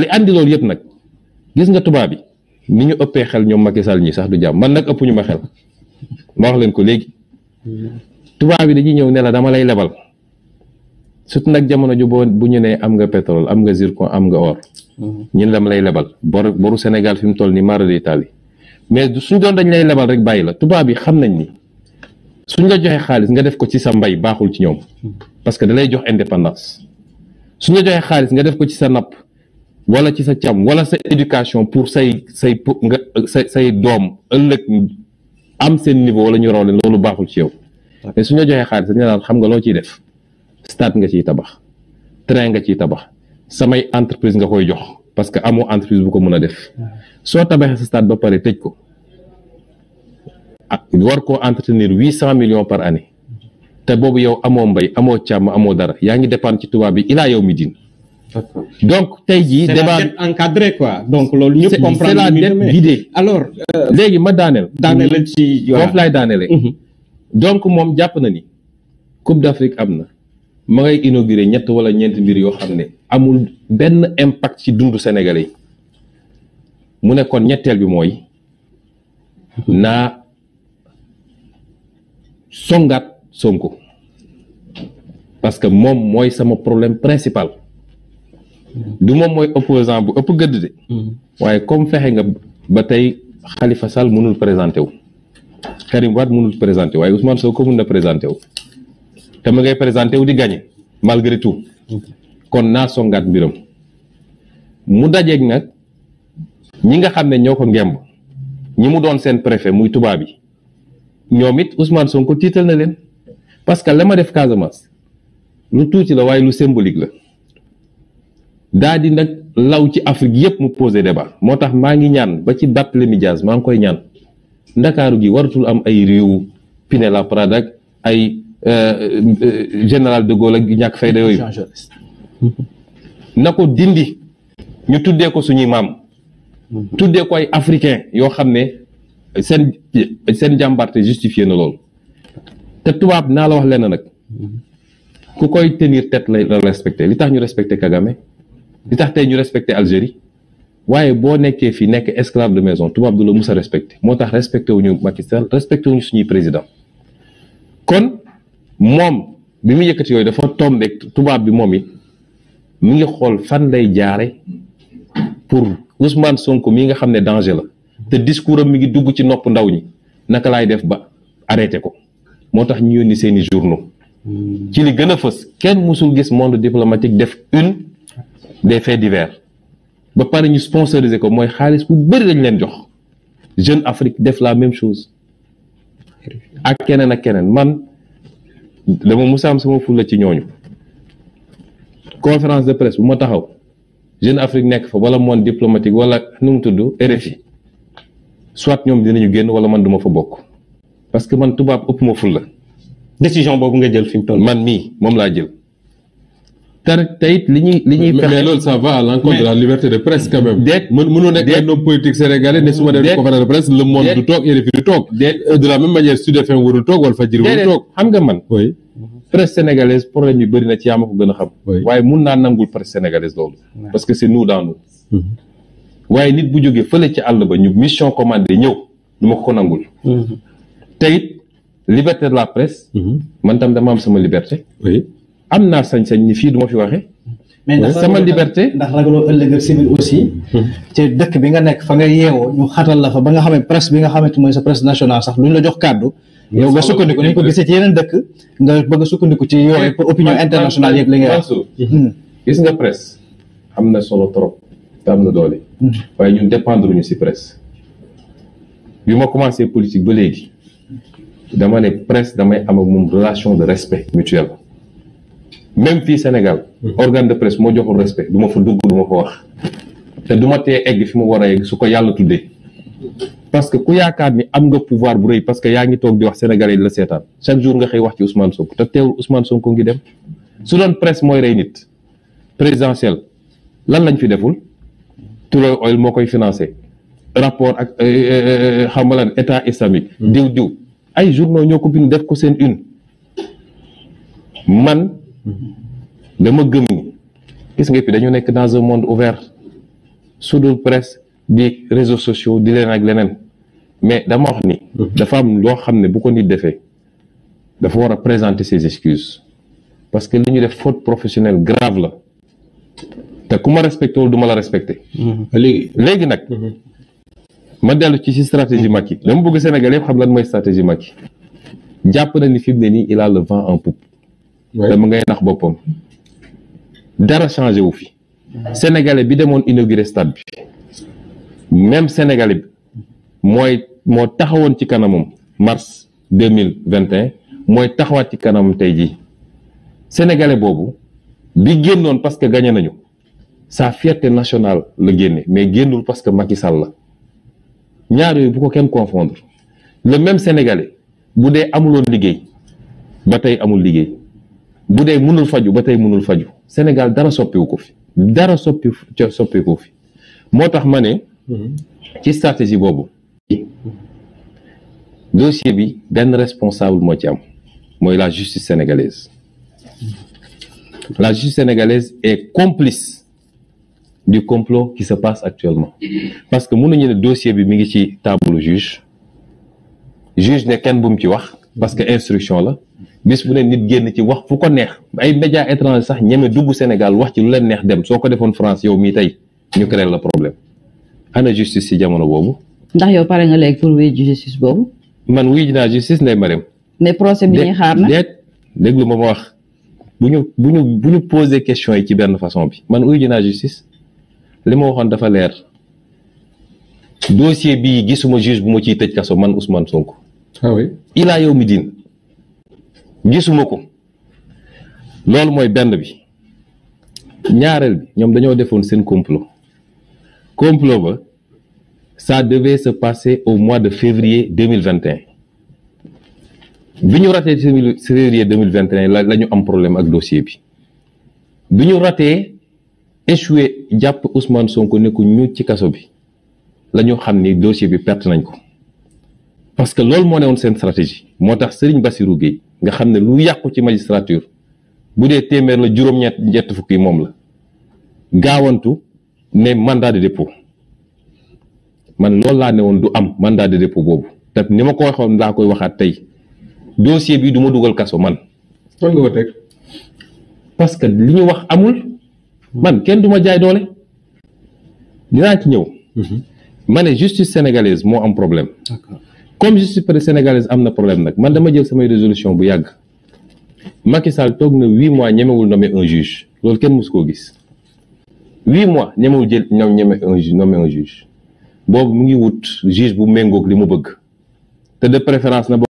li indi loolu yëpp nag gis nga tubaab bi ni ñu ëppee xel ñoom Macky Sall ñi sax du jàmm man nag ëpp ñu ma xel ma wax leen ko léegi tubaab bi dañuy ñëw ne la dama lay lebal surtout nag jamono ju boo bu ñu nee am nga pétrole am nga zircon am nga ñu ñun dama lay lebal bor boru Sénégal fi mu toll ni mara d'Italie mais suñ doon dañ lay lebal rek bàyyi la tubaab bi xam nañ ni suñ la joxee xaalis nga def ko ci sa mbay baaxul ci ñoom parce que da jox indépendance suñ la joxee xaalis nga def ko ci sa napp wala ci sa cam wala sa éducation pour say say nga say say doom ëllëg am seen niveau wala ñu raw leen loolu baaxul ci yow mais su ñu joxee xaalis dañu xam nga loo ciy def stade nga ciy tabax train nga ciy tabax samay entreprise nga koy jox parce que amoo entreprise bu ko mën a def soo tabaxee sa stade ba pare tëj ko ah, war koo entretenir huit cent million par année mm-hmm. te boobu yow amoo mbay amoo càmm amoo dara yaa ngi dépendre ci tubaab bi ilaa yow mi diin donc tey jii. débat quoi donc loolu ñëpp comprendre. c'est la dette vidée alors. Euh, léegi ma daaneel. daaneel ci foofu laay daaneele mhm. donc moom jàpp na ni. Coupe d'Afrique am na. ma ngay inauguré ñett wala ñeenti mbir yoo xam ne amul benn impact ci dundu Sénégalais mu ne kon ñetteel bi mooy naa songaat Sonko parce que moom mooy sama problème principal. du moom mooy opposant bu ëpp gëdd de hmm. waaye comme fexe nga ba tey Khalifa sal mënul présenté wu Karim Wade mënul présenté waaye usman soo ko mën na présenté wu te ma ngay présenté wu di gagné malgré tout kon naa songaat mbiram mu dajeek nag ñi nga xam ne ñoo ko ngemb ñi mu doon seen préfet muy tubaab yi ñoom it Ousmane Sonko tiital na leen parce que la ma def Casamance lu tuuti la waaye lu symbolique la daa di nag law ci Afrique yépp mu posé débat moo tax maa ngi ñaan ba ci Barthélémy Dias maa ngi koy ñaan ndakaaru gi waratul am ay réewu Pinet-Laprade Pradac ay euh, euh, général de Gaulle ak ñàkk fayda yooyu na ko dindi ñu tuddee ko suñuy maam mhm. tuddee ko africain yoo xam ne seen seen jàmbarte justifié na loolu te tubaab naa la wax lenn nag mhm. ku koy tenir tête la respecté li tax ñu respecté Kagame li tax tey ñu respecté Algérie waaye boo nekkee fii nekk esclave de maison tubaab du la musa a respecté moo tax respecté wuñu Macky Sall respecté ñu suñuy président kon moom bi mu yëkkati yooyu dafa tombé tubaab bi moom it mi ngi xool fan lay jaare pour Ousmane Sonko mii nga xam ne danger la te discours am mi ngi dugg ci nopp ndaw ñi naka laay def ba arrêté ko moo tax ñu yónni seeni journaux hmm. ci li gën a fës kenn musul gis monde diplomatique def une des faits divers ba pare ñu sponsoriser ko mooy xaalis bu bëri lañ leen jox Jeune Afrique def la même chose ak keneen ak keneen man dama musaam sama fulla ci ñooñu conférence de presse bu ma taxaw Jeune Afrique nekk fa wala monde diplomatique wala nu mu tudd RFI soit ñoom dinañu génn wala man duma fa bokk parce que man tubaab ëpp ma fulla décision boobu nga jël fi mu toll man mii moom laa jël te tayit li ñuy li ñuy fexe mais loolu ça va à l'encontre de la liberté de presse quand même. déet déet mënoo nekk ay homme politique ne su ma defee conférence de presse le toog RFI du toog. Euh, de la même manière toog Walfadjri warul toog. xam nga man. oui presse problème yu bëri na ci yaa ma ko gën a xam. waaye mun naa nangul presse sénégalaise loolu. parce que c'est nous dans nous. Mhm. waaye nit bu jógee fële ci àll ba ñu mission commandée ñëw du ma ko ko nangul. Mhm. tayit liberté de la presse. Mhm. man tam dama am sama liberté. am naa sañ-sañ ni fii du ma fi waxe mais sama liberté ndax ragaloo si civil aussi. ci hmm. dëkk bi nga nekk fa nga yeewoo ñu xatal la fa ba nga xam ne presse bi nga xamante mooy sa presse nationale sax luñ la jox kàddu. Hmm. yow nga sukkandiku nañ ko gisee yeneen dëkk bëgg sukkandiku ci yooyu pour opinion internationale yëpp li nga wax hmm. gis nga presse am na solo trop te am na doole waaye ñun dépendre ñu si presse bi ma commencé politique ba léegi dama ne presse damay am ak moom relation de respect mutuel même fii Sénégal mm-hmm. organe de presse moo joxul respect du ma fa dugg du ma fa wax te du ma tee egg fi mu war a egg su ko yàlla tuddee parce que ku yaakaar ni am nga pouvoir bu rëy parce que yaa ngi toog di wax Sénégalais yi la seetaan chaque jour nga xëy wax ci Ousmane Sonko te teewul Ousmane ko ngi dem su doon presse mooy rey nit présidentiel lan lañ fi deful Tullow Oil moo koy financé rapport ak euh, euh, euh, xam nga lan état islamique mm-hmm. diw diw ay jour journaux ñoo ko bind def ko seen une man dama gëm ni gis nga fi dañu nekk dans un monde ouvert su dul presse di réseaux sociaux di leneen ak leneen mais dama wax ni dafa am loo xam ne bu ko nit defee dafa war a présenter ses excuses parce que li ñu def faute professionnelle grave la te ku ma respecté wul du la respecté mm-hmm. léegi léegi nag mm-hmm. ma dellu ci si stratégie Macky dama bëgg Sénégal yëpp xam lan mooy stratégie Macky jàpp na ni fi mu ne nii il a vent en poupe te mu ngay nax boppam dara changé wu fi sénégalais bi demoon inauguré stade bi même sénégalais bi mooy moo taxawoon ci kanamam mars deux mille mooy taxawaat ci kanamam tey jii sénégalais boobu bi génnoon parce que gagné nañu sa fierté nationale la génne mais génnul parce que Macky Sall la ñaar yooyu bu ko kenn confondre le même sénégalais bu dee amuloon liggéey ba tey amul liggéey bu dee mënul faju ba tey mënul faju Sénégal dara soppiwu ko fi dara soppi soppi ko fi moo tax ma ne mhm. ci stratégie boobu dossier bi benn responsable moo ci am mooy la justice sénégalaise la justice sénégalaise est complice du complot ki se passe actuellement parce que mënuñu ne dossier bi mi ngi ci table juge juge ne kenn bu mu ci wax parce que instruction la bés bu ne nit génn ci wax fu ko neex ay médias étrangers sax ñeme dugg Sénégal wax ci lu leen neex dem soo ko defoon France yow mii tey ñu créé la problème ana justice ci jamono boobu. ndax yow pare nga léegi pour wuy justice boobu. man wuy naa justice nday Marème. mais procès bi ñuy xaar na déglu ma ma wax bu ñu bu ñu bu ñu question yi ci benn façon bi man wuy naa justice li ma waxoon dafa leer dossier bi gisuma juge bu ma ciy tëj kaso man Ousmane Sonko. ah oui ilaa yow mi diin gisuma ko loolu mooy benn bi ñaareel bi ñoom dañoo defoon seen complot complot ba ça devait se passer au mois de février deux mille vingt et un bi ñu ratee février deux mille vingt et la ñu am problème ak dossier bi bi ñu ratee échoué jàpp Ousmane Sonko ne ko ñu ci kaso bi la ñu xam ni dossier bi perte nañ ko. parce que loolu moo woon seen stratégie moo tax Serigne basiru Gueye nga xam ne lu yàqu ci magistrature bu dee téeméer la juróom-ñett ñett fukki moom la gaawantu ne mandat de dépôt man loolu laa ne woon du am mandat de dépôt boobu te ni ma ko waxoon laa koy waxaat tey dossier bi du ma dugal kaso man. fan nga ko parce que li ñu wax amul man kenn du ma jaay doole dinaa ci ñëw. Mhm. ma ne justice sénégalaise moo am problème. d'accord. comme justice pénale sénégalaise am na problème nag man dama jël samay résolution bu yàgg Macky Sall toog na huit mois ñemewul nommer un juge loolu kenn mosu koo gis huit mois ñemewul jël ñoom ñeme un juge nommer un boobu mu ngi wut juge bu méngoog li mu bëgg te de préférence na